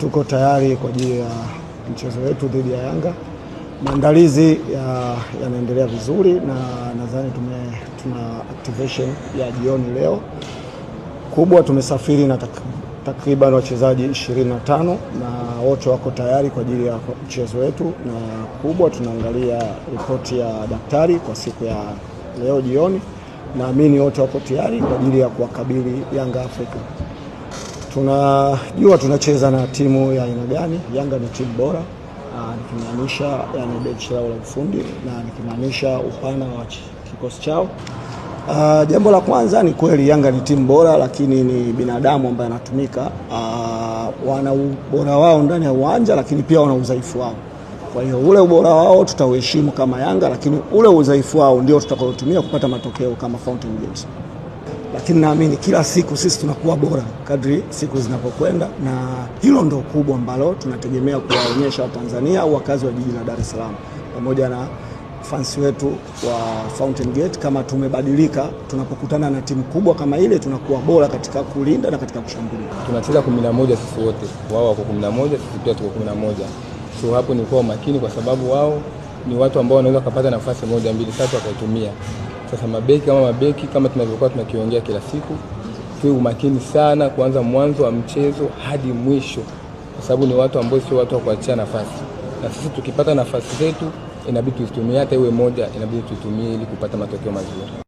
Tuko tayari kwa ajili ya mchezo wetu dhidi ya Yanga. Maandalizi yanaendelea ya vizuri na nadhani tuna activation ya jioni leo kubwa. Tumesafiri na takriban wachezaji 25 na wote wako tayari kwa ajili ya mchezo wetu, na kubwa tunaangalia ripoti ya daktari kwa siku ya leo jioni. Naamini wote wako tayari kwa ajili ya kuwakabili Yanga Afrika tunajua tunacheza na timu ya aina gani. Yanga ni timu bora ah, nikimaanisha yani benchi lao la ufundi na nikimaanisha upana wa kikosi chao. Uh, jambo la kwanza ni kweli Yanga ni timu bora, lakini ni binadamu ambaye anatumika. Uh, wana ubora wao ndani ya uwanja, lakini pia wana udhaifu wao. Kwa hiyo ule ubora wao tutauheshimu kama Yanga, lakini ule udhaifu wao ndio tutakaotumia kupata matokeo kama Fountain Games lakini naamini kila siku sisi tunakuwa bora kadri siku zinapokwenda, na hilo ndo kubwa ambalo tunategemea kuwaonyesha Watanzania au wakazi wa jiji la Dar es Salaam pamoja na fans wetu wa Fountain Gate kama tumebadilika. Tunapokutana na timu kubwa kama ile, tunakuwa bora katika kulinda na katika kushambulia. Tunacheza 11 sisi wote, wao wako 11, sisi pia tuko 11. So hapo ni kwa makini, kwa sababu wao ni watu ambao wanaweza kupata nafasi moja mbili tatu wakaitumia sasa mabeki ama mabeki kama tunavyokuwa tunakiongea kila siku, tuwe umakini sana kuanza mwanzo wa mchezo hadi mwisho, kwa sababu ni watu ambao sio watu wa kuachia nafasi, na sisi tukipata nafasi zetu inabidi tuzitumie, hata iwe moja, inabidi tuitumie ili kupata matokeo mazuri.